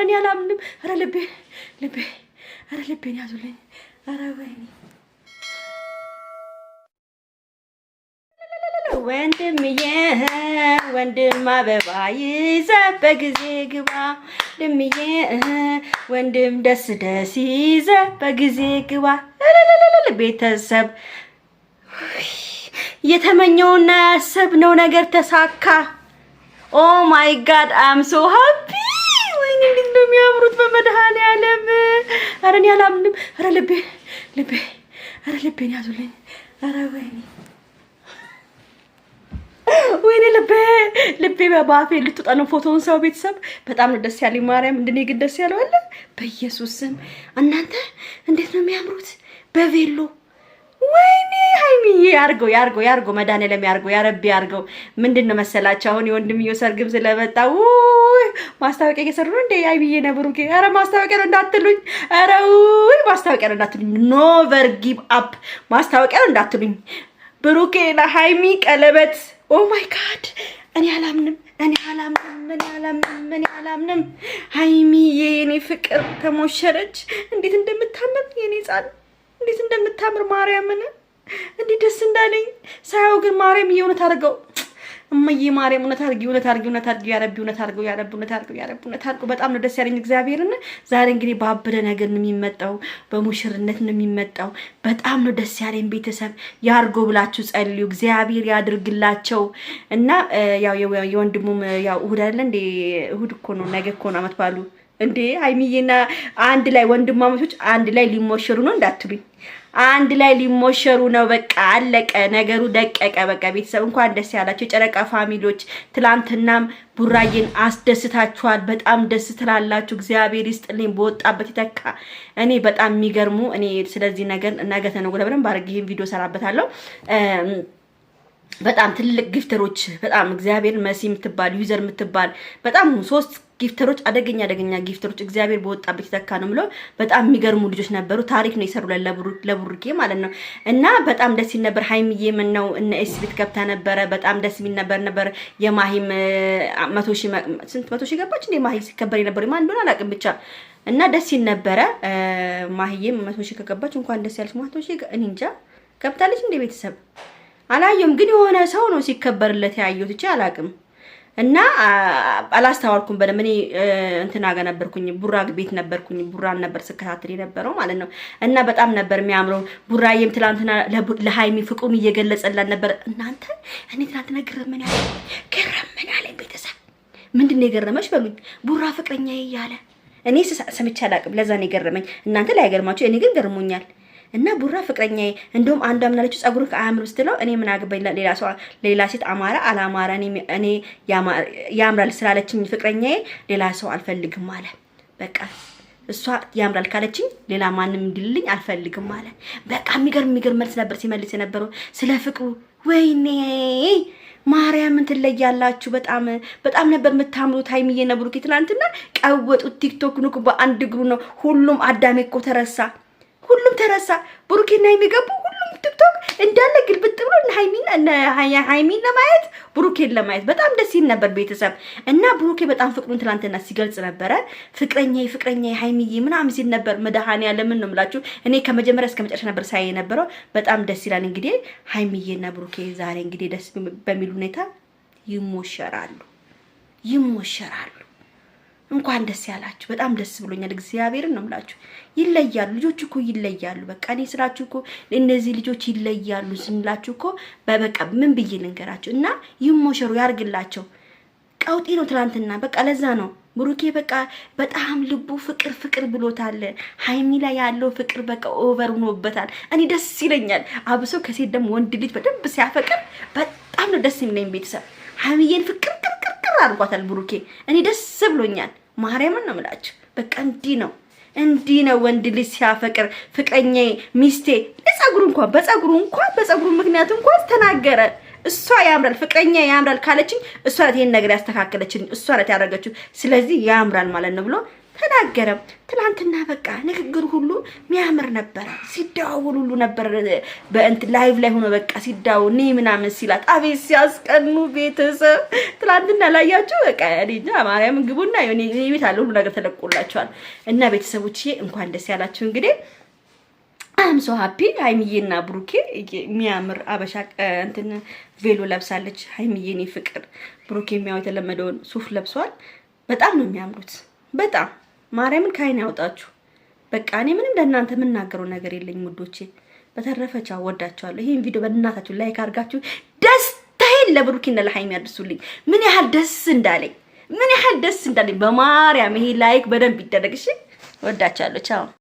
ኧረ እኔ አላምንም። ኧረ ልቤ ልቤ ኧረ ልቤን ያዙልኝ። ኧረ ወይኔ ወንድምዬ ወንድም አበባ ይዘህ በጊዜ ግባ ወንድምዬ ወንድም ደስ ደስ ይዘህ በጊዜ ግባ። ቤተሰብ የተመኘውና ያሰብነው ነገር ተሳካ። ኦ ማይ ጋድ አም ሶ ሃፒ ነው የሚያምሩት። በመድኃኒዓለም ኧረ እኔ አላምንም። ኧረ ልቤ ልቤ ኧረ ልቤን ያዙልኝ። ኧረ ወይኔ ወይኔ ልቤ ልቤ በአፌ ልትወጣ ነው። ፎቶውን ሰው ቤተሰብ በጣም ነው ደስ ያለኝ። ማርያም እንድኔ ግን ደስ ያለው አለ በኢየሱስ ስም። እናንተ እንዴት ነው የሚያምሩት በቬሎ ወይኔ ያርገው ያርገው ያርገው መድኃኒዓለም ያርገው ያረቢ ያርገው። ምንድን ነው መሰላቸው አሁን የወንድምየው ሰርግም ስለመጣ ውይ ማስታወቂያ እየሰሩ ነው እንዴ? አይብዬ ነብሩ አረ ማስታወቂያ ነው እንዳትሉኝ፣ አረ ውይ ማስታወቂያ ነው እንዳትሉኝ። ኖ ቨር ጊቭ አፕ ማስታወቂያ ነው እንዳትሉኝ። ብሩኬ ለሃይሚ ቀለበት ኦ ማይ ጋድ እኔ አላምንም እኔ አላምንም እኔ አላምንም እኔ አላምንም። ሃይሚ የኔ ፍቅር ተሞሸረች። እንዴት እንደምታምር የኔ ጻል እንዴት እንደምታምር ማርያምን እንዲህ ደስ እንዳለኝ ሳያው ግን ማርያም እየእውነት አድርገው እመዬ ማርያም እውነት አድርጊ እውነት አድርጊ እውነት አድርጊ ያረቢ እውነት አድርገው ያረቢ እውነት አድርገው ያረቢ እውነት አድርገው። በጣም ነው ደስ ያለኝ እግዚአብሔርን። ዛሬ እንግዲህ ባበደ ነገር ነው የሚመጣው፣ በሙሽርነት ነው የሚመጣው። በጣም ነው ደስ ያለኝ። ቤተሰብ ያርጎ ብላችሁ ጸልዩ፣ እግዚአብሔር ያድርግላቸው እና ያው የወንድሙም ያው እሁድ አይደለ እንዴ? እሁድ እኮ ነው ነገ እኮ ነው አመት ባሉ እንዴ። ሀይሚዬና አንድ ላይ ወንድማማቾች አንድ ላይ ሊሞሸሩ ነው እንዳትሉኝ አንድ ላይ ሊሞሸሩ ነው። በቃ አለቀ ነገሩ፣ ደቀቀ። በቃ ቤተሰብ እንኳን ደስ ያላቸው የጨረቃ ፋሚሊዎች። ትላንትናም ቡራዬን አስደስታችኋል። በጣም ደስ ትላላችሁ። እግዚአብሔር ይስጥልኝ በወጣበት ይተካ። እኔ በጣም የሚገርሙ እኔ ስለዚህ ነገር ነገ ተነጎዳ በደንብ ይህን ቪዲዮ ሰራበታለሁ። በጣም ትልቅ ጊፍተሮች በጣም እግዚአብሔር መሲ የምትባል ዩዘር የምትባል በጣም ሶስት ጊፍተሮች አደገኛ አደገኛ ጊፍተሮች እግዚአብሔር በወጣበት የተካ ነው ብለው በጣም የሚገርሙ ልጆች ነበሩ። ታሪክ ነው የሰሩ ለቡርኬ ማለት ነው። እና በጣም ደስ ይል ነበር። ሀይሚዬ ምን ነው እነ ኤስ ቤት ገብታ ነበረ። በጣም ደስ የሚል ነበር ነበር የማሂም መቶ ሺህ ስንት መቶ ሺህ ገባች እንደ ማሂ ሲከበር የነበሩ ማን እንደሆነ አላውቅም ብቻ እና ደስ ይል ነበረ። ማሂዬም መቶ ሺህ ከገባች እንኳን ደስ ያለች። መቶ ሺህ እኔ እንጃ ገብታለች እንደ ቤተሰብ አላየሁም፣ ግን የሆነ ሰው ነው ሲከበርለት ያየሁት እቺ አላቅም እና አላስተዋልኩም በደንብ እኔ እንትና ጋር ነበርኩኝ፣ ቡራ ቤት ነበርኩኝ። ቡራን ነበር ስከታተል የነበረው ማለት ነው። እና በጣም ነበር የሚያምረው። ቡራዬም ትላንትና ለሀይሚ ፍቅሩን እየገለጸላት ነበር። እናንተ እኔ ትላንትና ግረምን ያለ ግረምን ያለ ቤተሰብ ምንድን ነው የገረመች በሉኝ። ቡራ ፍቅረኛ እያለ እኔ ሰምቼ አላቅም። ለዛ ነው የገረመኝ። እናንተ ላይ ገርማችሁ፣ እኔ ግን ገርሞኛል። እና ቡራ ፍቅረኛ እንደውም አንዷ ምናለችው ጸጉርህ አያምርም ስትለው እኔ ምን አግባኝ ሌላ ሰው ሌላ ሴት አማራ አላማራ እኔ ያምራል ስላለችኝ ፍቅረኛዬ ሌላ ሰው አልፈልግም አለ። በቃ እሷ ያምራል ካለችኝ ሌላ ማንም እንዲልልኝ አልፈልግም አለ። በቃ የሚገርም የሚገርም መልስ ነበር ሲመልስ የነበረው ስለ ፍቅሩ። ወይኔ ማርያምን ትለያላችሁ። በጣም በጣም ነበር የምታምሩት ሀይሚዬ ነብሩ። ትናንትና ቀወጡት ቲክቶክ ንኩ በአንድ እግሩ ነው። ሁሉም አዳሜ እኮ ተረሳ። ሁሉም ተረሳ። ብሩኬና የሚገቡ ሁሉም ቲክቶክ እንዳለ ግልብጥ ብሎ ሀይሚን ለማየት ብሩኬን ለማየት በጣም ደስ ይል ነበር ቤተሰብ እና ብሩኬ በጣም ፍቅሩን ትላንትና ሲገልጽ ነበረ። ፍቅረኛ ፍቅረኛ ሀይሚዬ ምናምን ሲል ነበር። መድኃኒዓለም ለምን ነው የምላችሁ እኔ ከመጀመሪያ እስከ መጨረሻ ነበር ሳይ የነበረው። በጣም ደስ ይላል። እንግዲህ ሀይሚዬና ብሩኬ ዛሬ እንግዲህ ደስ በሚል ሁኔታ ይሞሸራሉ ይሞሸራሉ። እንኳን ደስ ያላችሁ። በጣም ደስ ብሎኛል። እግዚአብሔርን ነው የምላችሁ። ይለያሉ ልጆች እኮ ይለያሉ። በቃ እኔ ስላችሁ እኮ እነዚህ ልጆች ይለያሉ ስንላችሁ እኮ በበቃ ምን ብዬ ልንገራችሁ? እና ይሞሸሩ ያርግላቸው። ቀውጢ ነው ትላንትና። በቃ ለዛ ነው ብሩኬ በቃ በጣም ልቡ ፍቅር ፍቅር ብሎታል። ሀይሚ ላይ ያለው ፍቅር በቃ ኦቨር ሆኖበታል። እኔ ደስ ይለኛል። አብሶ ከሴት ደግሞ ወንድ ልጅ በደንብ ሲያፈቅር በጣም ነው ደስ የሚለኝ። ቤተሰብ ሀይሚዬን ፍቅር አድርጓታል ብሩኬ። እኔ ደስ ብሎኛል። ማርያምን ነው የምላችሁ። በቃ እንዲህ ነው እንዲህ ነው ወንድ ልጅ ሲያፈቅር። ፍቅረኛ ሚስቴ ለጸጉሩ እንኳን በጸጉሩ እንኳን በጸጉሩ ምክንያት እንኳን ተናገረ። እሷ ያምራል ፍቅረኛ ያምራል ካለችኝ እሷ ናት ይሄን ነገር ያስተካከለችኝ፣ እሷ ናት ያደረገችው። ስለዚህ ያምራል ማለት ነው ብሎ ተናገረ። ትላንትና በቃ ንግግር ሁሉ ሚያምር ነበረ። ሲደዋወል ሁሉ ነበር በእንት ላይቭ ላይ ሆኖ በቃ ሲዳው ኒ ምናምን ሲላት አቤት ሲያስቀኑ ቤተሰብ። ትላንትና ላያችሁ በቃ እኔ ማርያም ግቡና የኔ ቤት አለ ሁሉ ነገር ተለቆላችኋል። እና ቤተሰቦቼ እንኳን ደስ ያላችሁ እንግዲህ አም ሶ ሀፒ ሀይሚዬና ብሩኬ የሚያምር አበሻ እንትን ቬሎ ለብሳለች። ሀይሚዬ ፍቅር ብሩኬ የሚያው የተለመደውን ሱፍ ለብሷል። በጣም ነው የሚያምሩት በጣም ማርያምን ከአይን ያውጣችሁ። በቃ እኔ ምንም ለእናንተ የምናገረው ነገር የለኝም ውዶቼ። በተረፈ ቻው፣ ወዳችኋለሁ። ቪዲዮ በእናታችሁ ላይክ አድርጋችሁ ደስታዬን ለብሩኪና ለሀይሚ ያድርሱልኝ። ምን ያህል ደስ እንዳለኝ ምን ያህል ደስ እንዳለኝ በማርያም ይሄ ላይክ በደንብ ይደረግ። እሺ፣ ወዳችኋለሁ። ቻው